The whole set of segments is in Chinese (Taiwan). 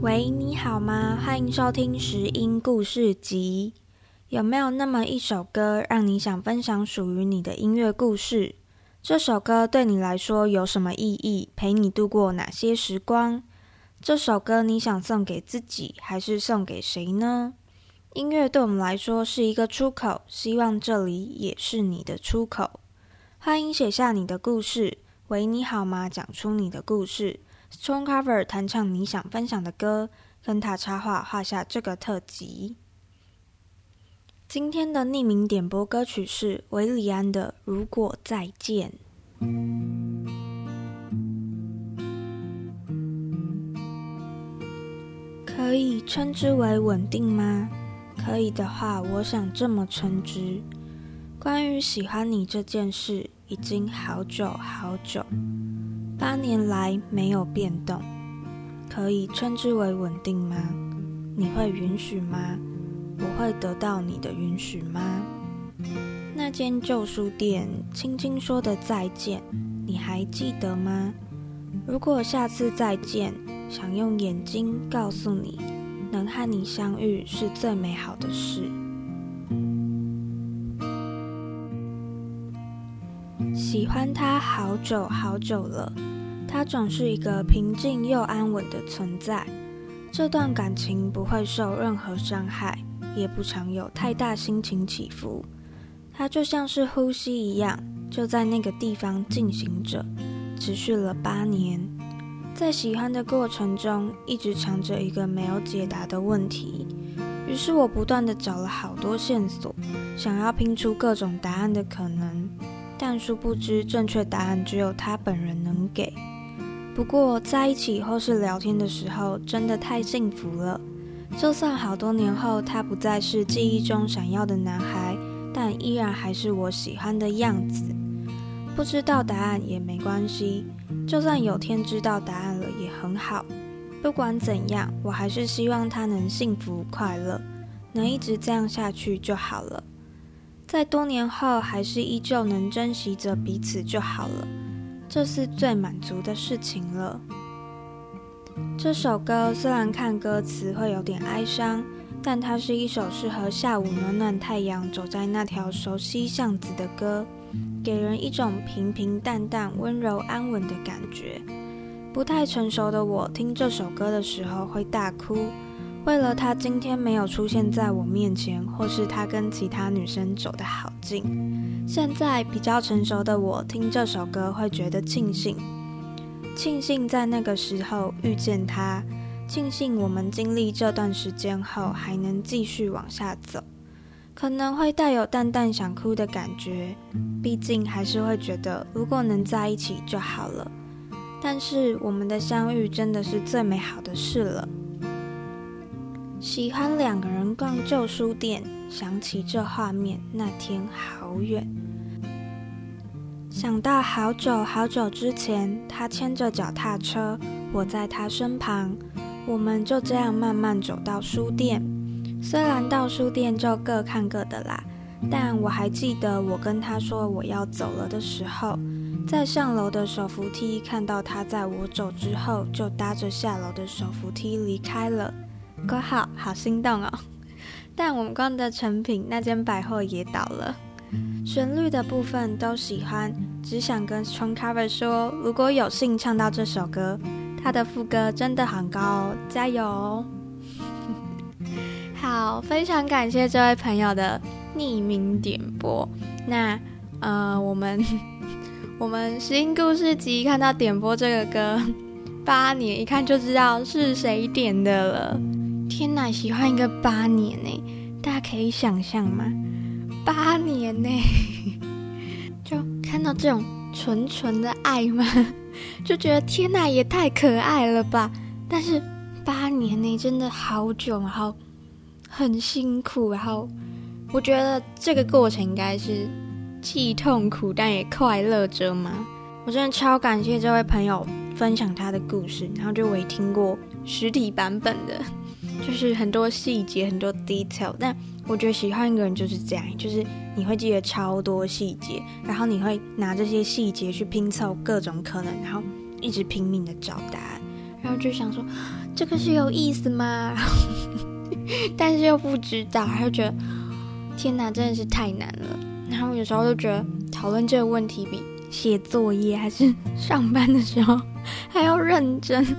喂，你好嗎？歡迎收聽《拾音故事集》。有沒有那麼一首歌，讓你想分享屬於你的音樂故事？這首歌對你來說有什麼意義？陪你度過哪些時光？這首歌你想送給自己，還是送給誰呢？音樂對我們來說是一個出口，希望這裡也是你的出口。歡迎寫下你的故事，Winnie 你好嗎？講出你的故事。Stone Cover 彈唱你想分享的歌，跟他插畫畫下這個特輯。今天的匿名點播歌曲是韋禮安的《如果再見》。可以稱之為穩定嗎？可以的話，我想這麼稱之。關於喜歡你這件事，已經好久好久，八年來沒有變動。可以稱之為穩定嗎？你會允許嗎？我會得到你的允許嗎？那間舊書店，輕輕說的再見，你還記得嗎？如果下次再見，想用眼睛告訴你，能和你相遇是最美好的事。喜歡他好久好久了，他總是一個平靜又安穩的存在。這段感情不會受任何傷害，也不常有太大心情起伏。它就像是呼吸一樣，就在那個地方進行着。持續了八年，在喜歡的過程中，一直藏着一個沒有解答的問題。於是我不斷的找了好多線索，想要拼出各種答案的可能。但殊不知，正確答案只有他本人能給。不過，在一起或是聊天的時候，真的太幸福了。就算好多年後，他不再是記憶中閃耀的男孩，但依然還是我喜歡的樣子。不知道答案也沒關係，就算有天知道答案了也很好。不管怎樣，我還是希望他能幸福快樂，能一直這樣下去就好了。在多年後，還是依舊能珍惜着彼此就好了，這是最滿足的事情了。這首歌雖然看歌詞會有點哀傷，但它是一首適合下午暖暖太陽，走在那條熟悉巷子的歌。給人一種平平淡淡、溫柔安穩的感覺。不太成熟的我聽這首歌的時候會大哭，為了他今天沒有出現在我面前，或是他跟其他女生走得好近。現在比較成熟的我聽這首歌會覺得慶幸，慶幸在那個時候遇見他，慶幸我們經歷這段時間後還能繼續往下走。可能會帶有淡淡想哭的感覺，畢竟還是會覺得如果能在一起就好了。但是我們的相遇真的是最美好的事了。喜歡兩個人逛舊書店，想起這畫面，那天好遠。想到好久好久之前，他牽着腳踏車，我在他身旁，我們就這樣慢慢走到書店。雖然到書店就各看各的啦，但我還記得我跟他說我要走了的時候，在上樓的手扶梯看到他在我走之後就搭着下樓的手扶梯離開了，括號好心動哦！ 但我們逛的誠品那間百貨也倒了。旋律的部分都喜歡，只想跟 stone.cover 說，如果有幸唱到這首歌，他的副歌真的很高哦，加油哦！好，非常感謝這位朋友的匿名點播。那呃，我們我們拾音故事集看到點播這個歌八年，一看就知道是誰點的了。天吶，喜歡一個八年呢？大家可以想象嗎？八年呢，就看到這種純純的愛嗎？就覺得天吶，也太可愛了吧！但是八年呢，真的好久，然後。很辛苦，然後我覺得這個過程應該是既痛苦但也快樂着嘛。我真的超感謝這位朋友分享他的故事，然後就我也聽過實體版本的，就是很多細節，很多 detail。但我覺得喜歡一個人就是這樣，就是你會記得超多細節，然後你會拿這些細節去拼湊各種可能，然後一直拼命的找答案，然後就想說這個是有意思嗎？ 但是又不知道，就覺得天哪，啊，真的是太難了。然後有時候就覺得討論這個問題比寫作業還是上班的時候還要認真的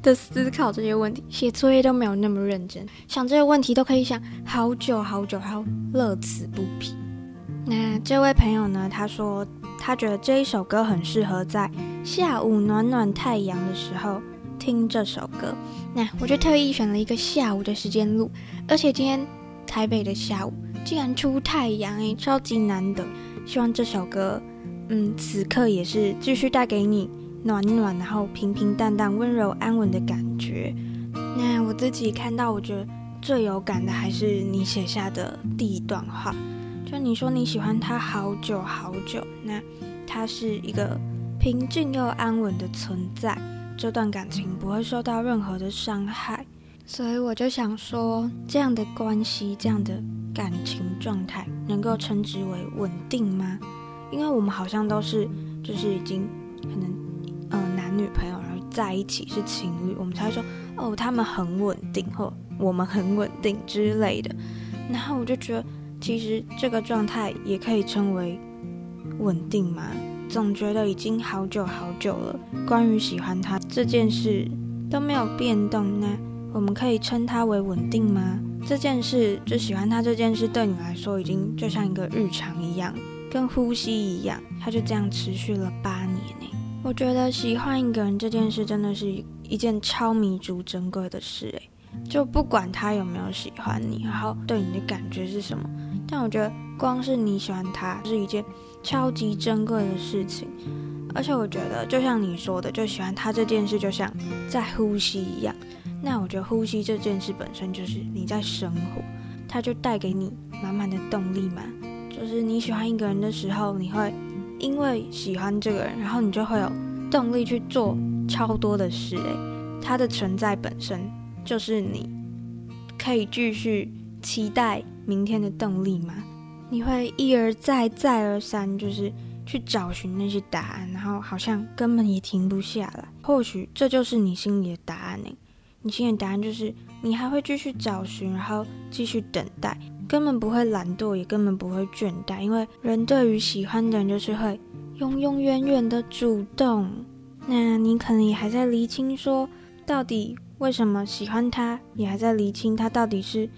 的思考這些問題，寫作業都沒有那麼認真，想這些問題都可以想好久好久，還要樂此不疲。那這位朋友呢？他說他覺得這一首歌很適合在下午暖暖暖太陽的時候聽這首歌。那我就特意選了一個下午的時間錄，而且今天台北的下午竟然出太陽欸，超級難得。希望這首歌，嗯，此刻也是繼續帶給你暖暖，然後平平淡淡、溫柔安穩的感覺。那我自己看到，我覺得最有感的還是你寫下的第一段話，就你說你喜歡他好久好久，那他是一個平靜又安穩的存在。這段感情不會受到任何的傷害，所以我就想說，這樣的關係，這樣的感情狀態，能夠稱之為穩定嗎？因為我們好像都是，就是已經，可能，呃，男女朋友然後在一起是情侶，我們才會說，哦，他們很穩定，或我們很穩定之類的。然後我就覺得，其實這個狀態也可以稱為穩定嗎？總覺得已經好久好久了，關於喜歡他這件事都沒有變動、啊，呢，我們可以稱它為穩定嗎？這件事就喜歡他這件事，對你來說已經就像一個日常一樣，跟呼吸一樣，它就這樣持續了八年呢、欸。我覺得喜歡一個人這件事，真的是一一件超彌足珍貴的事誒、欸。就不管他有沒有喜歡你，然後對你的感覺是什麼，但我覺得光是你喜歡他、就是一件。超級珍貴的事情，而且我覺得，就像你說的，就喜歡他這件事，就像在呼吸一樣。那我覺得，呼吸這件事本身就是你在生活，它就帶給你滿滿的動力嘛。就是你喜歡一個人的時候，你會因為喜歡這個人，然後你就會有動力去做超多的事誒、欸。他的存在本身就是你可以繼續期待明天的動力嘛。你會一而再、再而三，就是去找尋那些答案，然後好像根本也停不下來。或許這就是你心裡的答案呢、欸？你心裡的答案就是你還會繼續找尋，然後繼續等待，根本不會懶惰，也根本不會倦怠，因為人對於喜歡的人就是會永永遠遠的主動。那你可能也還在釐清，說到底為什麼喜歡他，也還在釐清他到底是。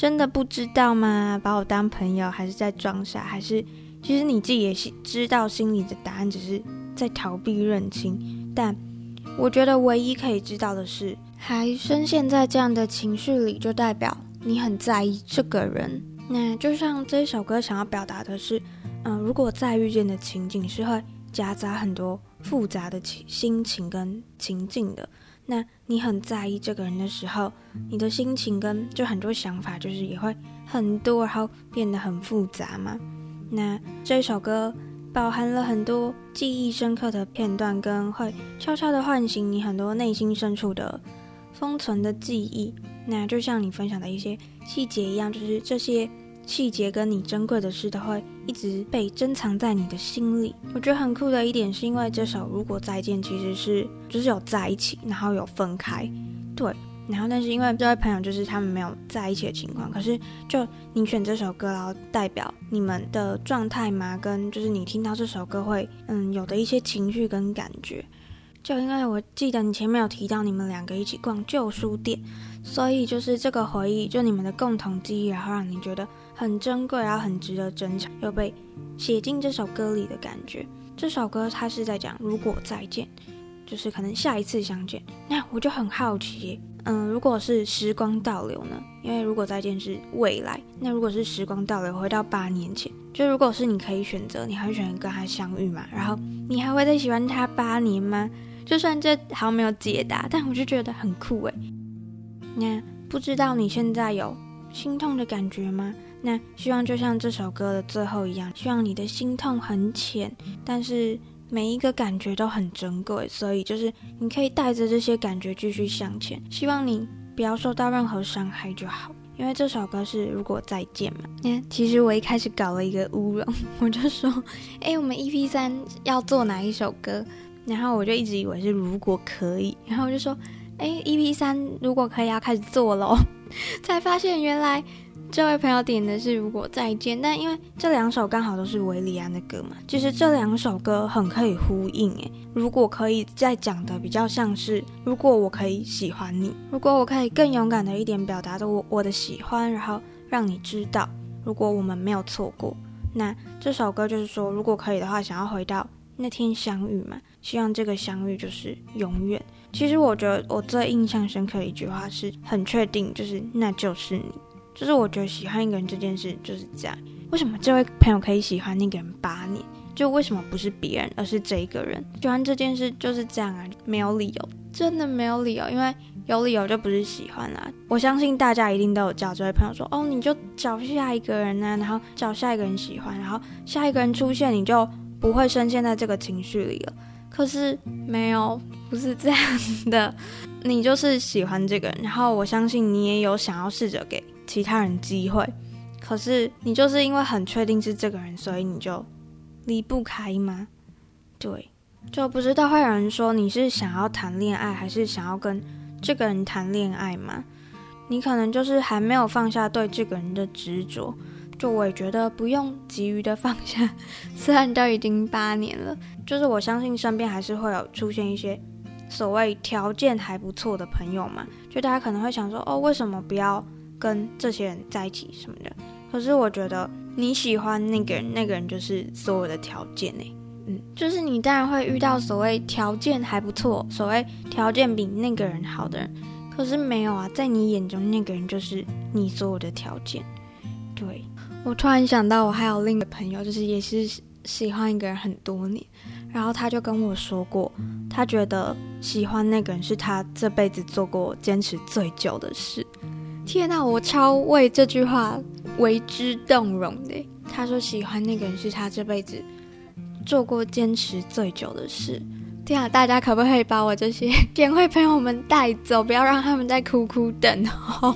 真的不知道嗎？把我當朋友，還是在裝傻？還是其實你自己也知道心裡的答案，只是在逃避認清？但我覺得唯一可以知道的是，還深陷在這樣的情緒裡，就代表你很在意這個人。那就像這首歌想要表達的是，嗯，如果再遇見的情景，是會夾雜很多複雜的情、心情跟情境的。那你很在意這個人的時候，你的心情跟就很多想法，就是也會很多，然後變得很複雜嘛。那這首歌飽含了很多記憶深刻的片段，跟會悄悄的喚醒你很多內心深處的封存的記憶。那就像你分享的一些細節一樣，就是這些。細節跟你珍貴的事都會一直被珍藏在你的心裡。我覺得很酷的一點，是因為這首《如果再見》其實是就是有在一起，然後有分開，對，然後但是因為這位朋友就是他們沒有在一起的情況，可是就你選這首歌，然後代表你們的狀態嘛，跟就是你聽到這首歌會嗯有的一些情緒跟感覺。就因為我記得你前面有提到你們兩個一起逛舊書店，所以就是這個回憶，就你們的共同記憶，然後讓你覺得很珍貴、啊，然後很值得珍藏，又被寫進這首歌裡的感覺。這首歌它是在講如果再見，就是可能下一次相見，那我就很好奇，嗯，如果是時光倒流呢？因為如果再見是未來，那如果是時光倒流，回到八年前，就如果是你可以選擇，你還會選擇跟他相遇嘛？然後你還會再喜歡他八年嗎？就算這好像沒有解答，但我就覺得很酷哎。那、yeah, 不知道你現在有心痛的感覺嗎？那、yeah, 希望就像這首歌的最後一樣，希望你的心痛很淺，但是每一個感覺都很珍貴，所以就是你可以帶着這些感覺繼續向前。希望你不要受到任何傷害就好，因為這首歌是如果再見嘛。那 Yeah, 其實我一開始搞了一個烏龍，我就說，誒，我們 EP3 要做哪一首歌？然後我就一直以為是如果可以，然後我就說，哎，EP 三如果可以要開始做咯，才發現原來這位朋友點的是如果再見。但因為這兩首剛好都是韋禮安的歌嘛，其實這兩首歌很可以呼應誒。如果可以，再講的比較像是如果我可以喜歡你，如果我可以更勇敢的一點表達的我我的喜歡，然後讓你知道，如果我們沒有錯過，那這首歌就是說如果可以的話，想要回到那天相遇嘛。希望這個相遇就是永遠。其實我覺得我最印象深刻的一句話是很確定，就是那就是你。就是我覺得喜歡一個人這件事就是這樣。為什麼這位朋友可以喜歡那個人八年？就為什麼不是別人，而是這一個人？喜歡這件事就是這樣啊，沒有理由，真的沒有理由。因為有理由就不是喜歡啊。我相信大家一定都有叫這位朋友說，哦，你就找下一個人啊，然後找下一個人喜歡，然後下一個人出現，你就不會深陷在這個情緒裡了。可是沒有，不是這樣的。 你就是喜歡這個人，然後我相信你也有想要試着給其他人機會。可是你就是因為很確定是這個人，所以你就離不開嗎？對，就不知道會有人說你是想要談戀愛，還是想要跟這個人談戀愛嗎？你可能就是還沒有放下對這個人的執着。就我也覺得不用急於的放下，雖然都已經八年了，就是我相信身邊還是會有出現一些所謂條件還不錯的朋友嘛。就大家可能會想說，哦，為什麼不要跟這些人在一起什麼的？可是我覺得你喜歡那個人，那個人就是所有的條件呢。嗯，就是你當然會遇到所謂條件還不錯、嗯、所謂條件比那個人好的人，可是沒有啊，在你眼中那個人就是你所有的條件，對。我突然想到，我還有另一個朋友，就是也是喜歡一個人很多年，然後他就跟我說過，他覺得喜歡那個人是他這輩子做過堅持最久的事。天哪，我超為這句話為之動容的、欸。他說喜歡那個人是他這輩子做過堅持最久的事。天哪，大家可不可以把我這些點會朋友們帶走，不要讓他們在苦苦等候？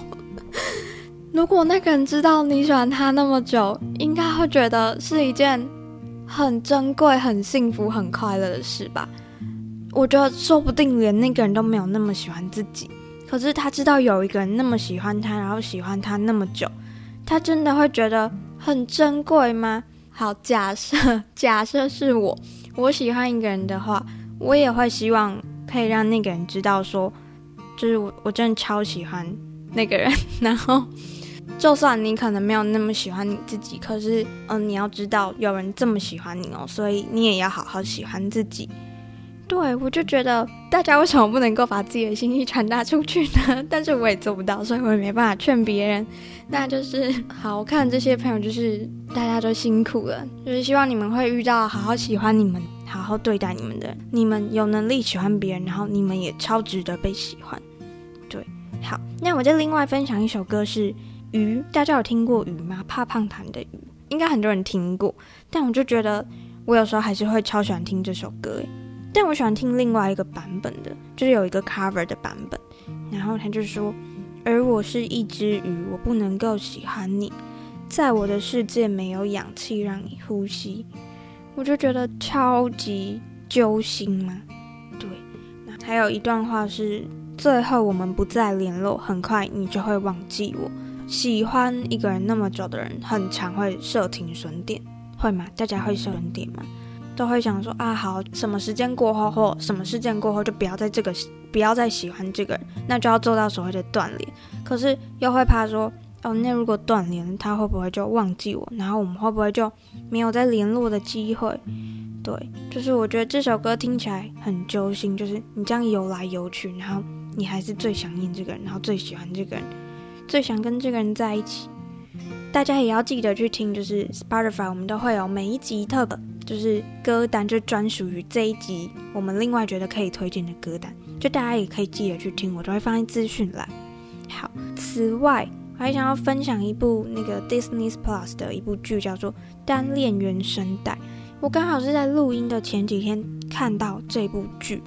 如果那個人知道你喜歡他那麼久，應該會覺得是一件很珍貴、很幸福、很快樂的事吧？我覺得說不定連那個人都沒有那麼喜歡自己，可是他知道有一個人那麼喜歡他，然後喜歡他那麼久，他真的會覺得很珍貴嗎？好，假設假設是我，我喜歡一個人的話，我也會希望可以讓那個人知道說，說就是我我真的超喜歡那個人，然後。就算你可能沒有那麼喜歡你自己，可是，嗯，你要知道有人這麼喜歡你哦，所以你也要好好喜歡自己。對，我就覺得大家為什麼不能夠把自己的心意傳達出去呢？但是我也做不到，所以我也沒辦法勸別人。那就是好，我看這些朋友就是大家都辛苦了，就是希望你們會遇到好好喜歡你們、好好對待你們的。你們有能力喜歡別人，然後你們也超值得被喜歡。對，好，那我就另外分享一首歌是。魚，大家有聽過魚嗎？怕胖團的魚，應該很多人聽過。但我就覺得，我有時候還是會超喜歡聽這首歌哎。但我喜歡聽另外一個版本的，就是有一個 cover 的版本。然後他就說：“而我是一隻魚，我不能夠喜歡你，在我的世界沒有氧氣讓你呼吸。”我就覺得超級揪心嘛、啊。對，那還有一段話是：“最後我們不再聯絡，很快你就會忘記我。”喜歡一個人那麼久的人，很常會設停損點，會嗎？大家會設點嗎？都會想說啊，好，什麼時間過後或什麼事件過後，就不要再這個，不要再喜歡這個人，那就要做到所謂的斷聯。可是又會怕說，哦，那如果斷聯，他會不會就忘記我？然後我們會不會就沒有再聯絡的機會？對，就是我覺得這首歌聽起來很揪心，就是你這樣游來游去，然後你還是最想念這個人，然後最喜歡這個人，最想跟這個人在一起，大家也要記得去聽，就是 Spotify 我們都會有每一集特本，就是歌單就專屬於這一集。我們另外覺得可以推薦的歌單，就大家也可以記得去聽，我都會放在資訊欄。好，此外我還想要分享一部那個 Disney Plus 的一部劇，叫做《單戀原聲帶》。我剛好是在錄音的前幾天看到這部劇，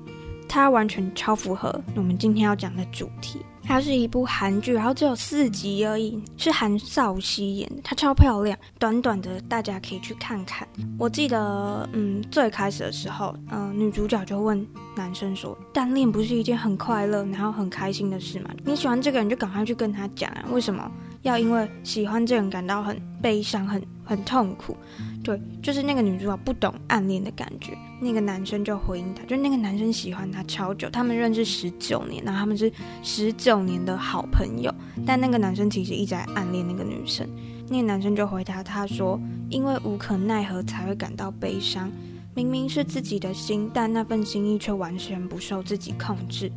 它完全超符合我們今天要講的主題。它是一部韓劇，然後只有四集而已，是韓韶熙演的，她超漂亮，短短的，大家可以去看看。我記得，嗯，最開始的時候，嗯、呃，女主角就問男生說：“單戀不是一件很快樂，然後很開心的事嗎？你喜歡這個人就趕快去跟他講啊，為什麼？”要因為喜歡這人感到很悲傷、很很痛苦，對，就是那個女主角不懂暗戀的感覺。那個男生就回應她，就那個男生喜歡她超久，他們認識十九年，那他們是十九年的好朋友。但那個男生其實一直在暗戀那個女生。那個男生就回答她說：“因為無可奈何才會感到悲傷，明明是自己的心，但那份心意卻完全不受自己控制。”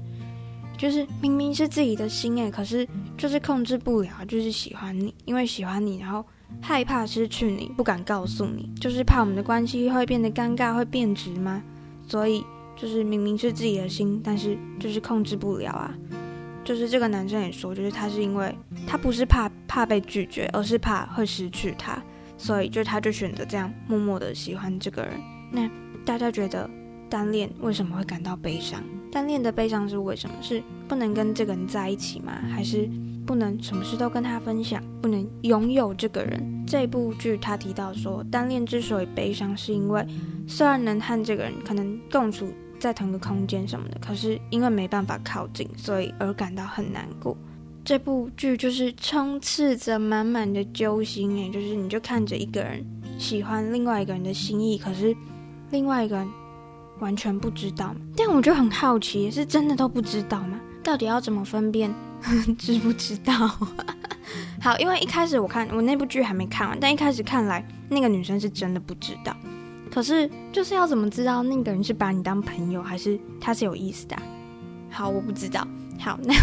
就是明明是自己的心誒，可是就是控制不了，就是喜歡你，因為喜歡你，然後害怕失去你，不敢告訴你，就是怕我們的關係會變得尷尬，會變質嗎？所以就是明明是自己的心，但是就是控制不了啊。就是這個男生也說，就是他是因為他不是怕怕被拒絕，而是怕會失去他，所以就他就選擇這樣默默的喜歡這個人。那大家覺得？單戀為什麼會感到悲傷？單戀的悲傷是為什麼？是不能跟這個人在一起嗎？還是不能什麼事都跟他分享，不能擁有這個人？這部劇他提到說，單戀之所以悲傷，是因為雖然能和這個人可能共處在同一個空間什麼的，可是因為沒辦法靠近，所以而感到很難過。這部劇就是充斥着滿滿的揪心誒、欸，就是你就看着一個人喜歡另外一個人的心意，可是另外一個人。完全不知道，但我就很好奇，是真的都不知道嗎？到底要怎麼分辨 知不知道？ 好，因為一開始我看我那部劇還沒看完，但一開始看來那個女生是真的不知道。可是就是要怎麼知道那個人是把你當朋友，還是他是有意思的啊？好，我不知道。好，那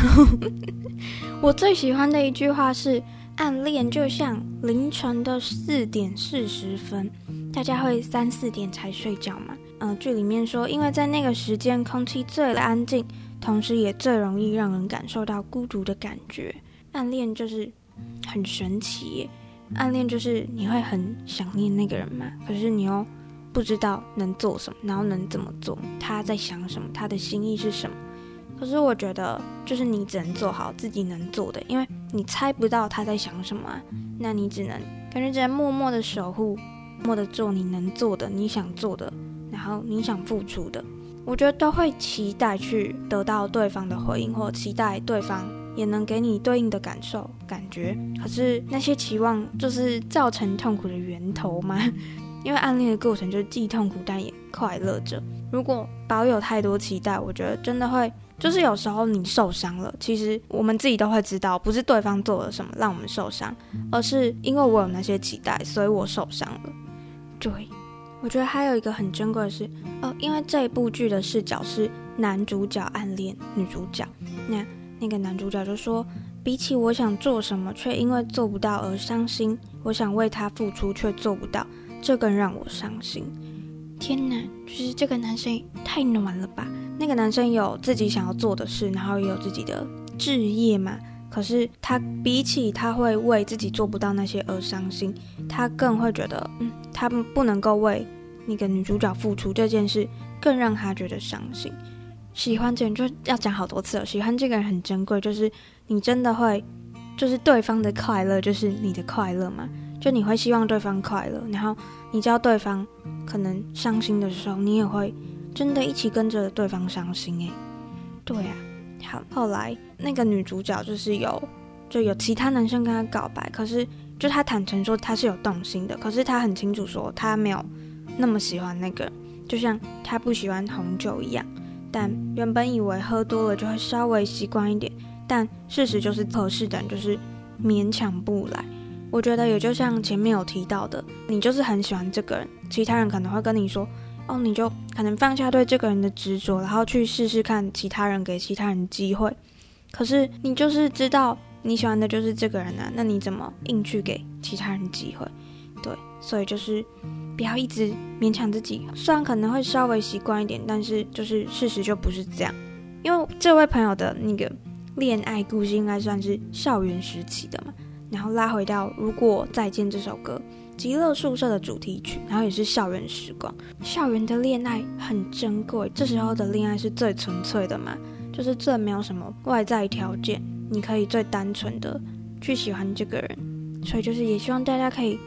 我最喜歡的一句話是：暗戀就像凌晨的四點四十分。大家會三四點才睡覺嘛？嗯、呃，劇裡面說，因為在那個時間，空氣最安靜，同時也最容易讓人感受到孤獨的感覺。暗戀就是，很神奇。暗戀就是你會很想念那個人嘛，可是你又不知道能做什麼，然後能怎麼做，他在想什麼，他的心意是什麼。可是我覺得，就是你只能做好自己能做的，因為你猜不到他在想什麼，啊，那你只能感覺只能默默的守護。默默的做你能做的，你想做的，然後你想付出的，我覺得都會期待去得到對方的回應，或期待對方也能給你對應的感受、感覺。可是那些期望就是造成痛苦的源頭嗎？因為暗戀的過程就是既痛苦但也快樂着。如果保有太多期待，我覺得真的會，就是有時候你受傷了，其實我們自己都會知道，不是對方做了什麼讓我們受傷，而是因為我有那些期待，所以我受傷了。對，我覺得還有一個很珍貴的是，哦，因為這部劇的視角是男主角暗戀女主角，那那個男主角就說，比起我想做什麼卻因為做不到而傷心，我想為他付出卻做不到，這更讓我傷心。天哪，就是這個男生太暖了吧？那個男生有自己想要做的事，然後也有自己的志業嘛。可是他比起他會為自己做不到那些而傷心，他更會覺得，嗯，他不能夠為那個女主角付出這件事，更讓他覺得傷心。喜歡這個人就要講好多次了，喜歡這個人很珍貴，就是你真的會，就是對方的快樂就是你的快樂嘛，就你會希望對方快樂，然後你知道對方可能傷心的時候，你也會真的一起跟着對方傷心欸。誒，對呀、啊。好，後來那個女主角就是有，就有其他男生跟她告白，可是就她坦誠說她是有動心的，可是她很清楚說她沒有那麼喜歡那個人，就像她不喜歡紅酒一樣，但原本以為喝多了就會稍微習慣一點，但事實就是合適的人就是勉強不來。我覺得也就像前面有提到的，你就是很喜歡這個人，其他人可能會跟你說。哦，你就可能放下對這個人的執着然後，去試試看其他人，給其他人機會。可是你就是知道你喜歡的就是這個人啊，那你怎麼硬去給其他人機會？對，所以就是不要一直勉強自己。雖然可能會稍微習慣一點，但是就是事實就不是這樣。因為這位朋友的那個戀愛故事應該算是校園時期的嘛，然後拉回到《如果再見》這首歌。極樂宿舍的主題曲，然後也是校園時光。校園的戀愛很珍貴，這時候的戀愛是最純粹的嘛，就是最沒有什麼外在條件，你可以最單純的去喜歡這個人。所以就是也希望大家可以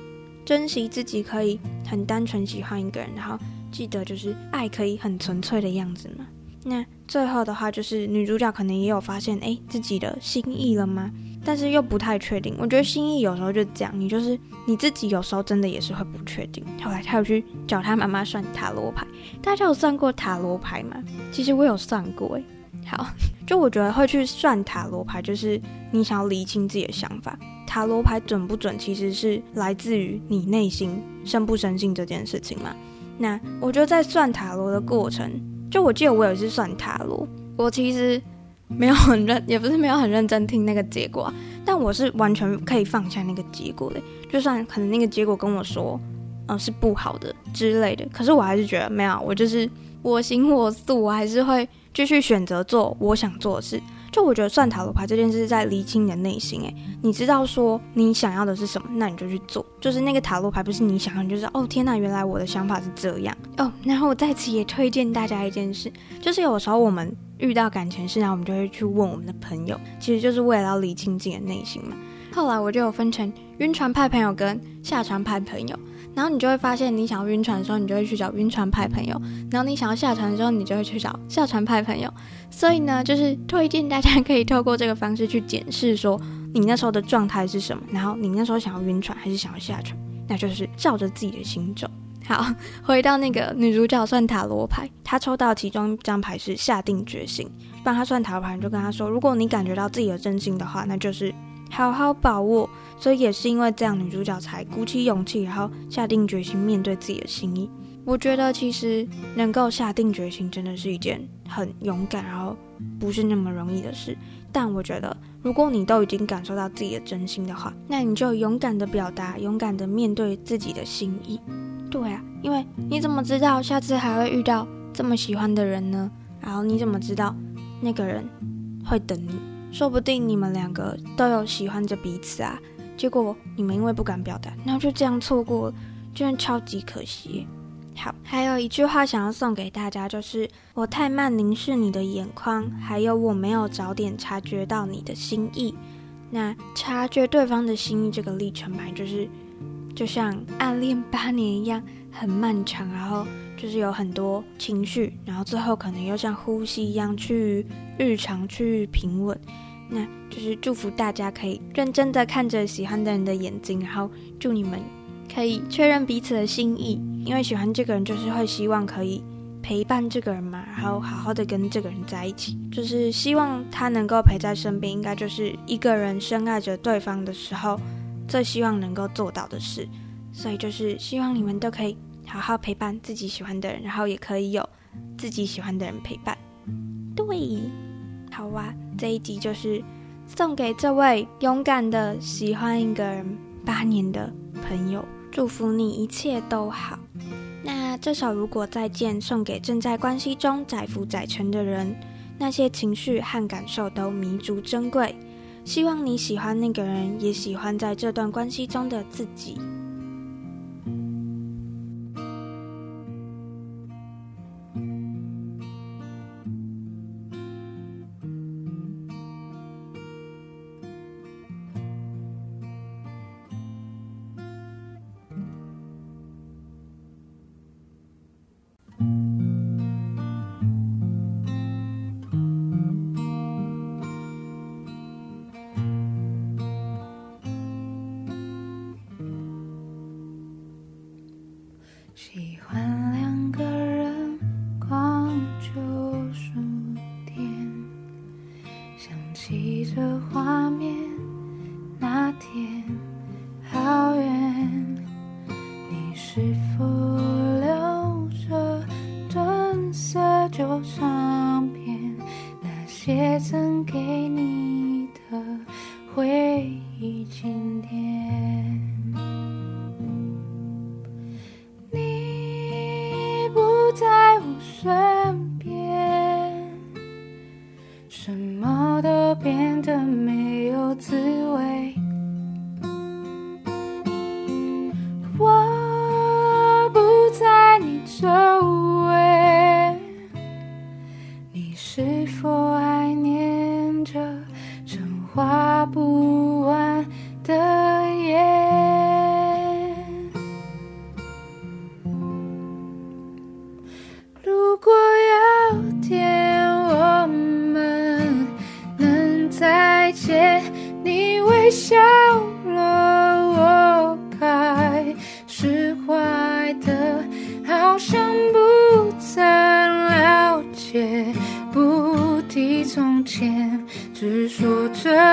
珍惜自己可以很單純喜歡一個人，然後記得就是愛可以很純粹的樣子嘛。那最後的話就是女主角可能也有發現，誒，自己的心意了嗎？但是又不太確定，我覺得心意有時候就是這樣，你就是你自己，有時候真的也是會不確定。後來他有去找他媽媽算塔羅牌，大家有算過塔羅牌嗎？其實我有算過哎。好， 就我覺得會去算塔羅牌，就是你想要理清自己的想法。塔羅牌準不準，其實是來自於你內心深不深信這件事情嘛。那我覺得在算塔羅的過程，就我記得我有一次算塔羅，我其實。沒有很認，也不是沒有很認真聽那個結果，但我是完全可以放下那個結果的，就算可能那個結果跟我說，呃，是不好的之類的，可是我還是覺得沒有，我就是我行我素，我還是會繼續選擇做我想做的事。就我覺得算塔羅牌這件事，在釐清你的內心。誒，你知道說你想要的是什麼，那你就去做。就是那個塔羅牌不是你想要，就是哦天吶，原來我的想法是這樣哦。Oh, 然後我在此也推薦大家一件事，就是有時候我們遇到感情事，然後我們就會去問我們的朋友，其實就是為了要釐清自己的內心嘛。後來我就有分成暈船派朋友跟下船派朋友，然後你就會發現，你想要暈船的時候，你就會去找暈船派朋友；然後你想要下船的時候，你就會去找下船派朋友。所以呢，就是推薦大家可以透過這個方式去檢視，說你那時候的狀態是什麼，然後你那時候想要暈船還是想要下船，那就是照着自己的行走。好，回到那個女主角算塔羅牌，她抽到其中一張牌是下定決心，幫她算塔羅牌就跟她說，如果你感覺到自己的真心的話，那就是。好好把握，所以也是因為這樣，女主角才鼓起勇氣，然後下定決心面對自己的心意。我覺得其實能夠下定決心，真的是一件很勇敢，然後不是那麼容易的事。但我覺得，如果你都已經感受到自己的真心的話，那你就勇敢的表達，勇敢的面對自己的心意。對啊，因為你怎麼知道下次還會遇到這麼喜歡的人呢？然後你怎麼知道那個人會等你？說不定你們兩個都有喜歡着彼此啊，結果你們因為不敢表達，然後就這樣錯過，真的超級可惜。好，還有一句話想要送給大家，就是我太慢凝視你的眼眶，還有我沒有早點察覺到你的心意。那察覺對方的心意這個歷程吧就是就像暗戀八年一樣很漫長，然後。就是有很多情緒，然後最後可能又像呼吸一樣去日常去平穩。那就是祝福大家可以認真的看着喜歡的人的眼睛，然後祝你們可以確認彼此的心意。因為喜歡這個人，就是會希望可以陪伴這個人嘛，然後好好的跟這個人在一起，就是希望他能夠陪在身邊。應該就是一個人深愛着對方的時候，最希望能夠做到的事。所以就是希望你們都可以。好好陪伴自己喜歡的人，然後也可以有自己喜歡的人陪伴。對，好哇、啊，這一集就是送給這位勇敢的喜歡一個人八年的朋友，祝福你一切都好。那這首《如果再見》送給正在關係中載浮載沉的人，那些情緒和感受都彌足珍貴。希望你喜歡那個人，也喜歡在這段關係中的自己。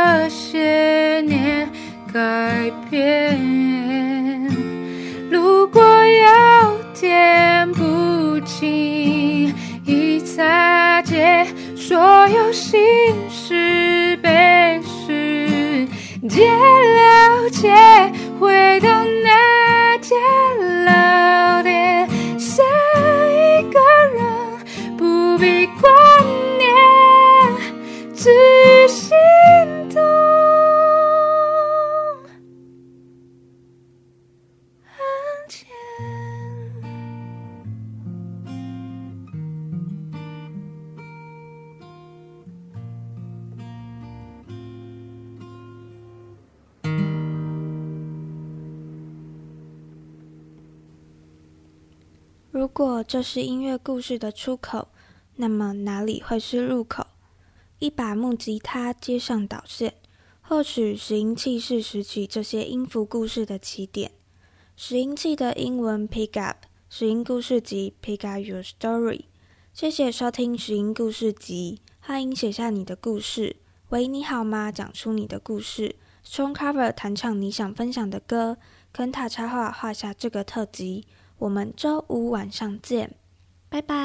這些年改變，如果有天不經意擦肩，所有心事被時間了解。如果這是音樂故事的出口，那麼哪裡會是入口？一把木吉他接上導線，或許拾音器是拾取這些音符故事的起點。拾音器的英文 Pick Up，拾音故事集 Pick Up Your Story。謝謝收聽拾音故事集，歡迎寫下你的故事。喂，你好嗎？講出你的故事。Stone Cover，彈唱你想分享的歌。Kenta 插畫，畫下這個特輯。我們周五晚上見，拜拜。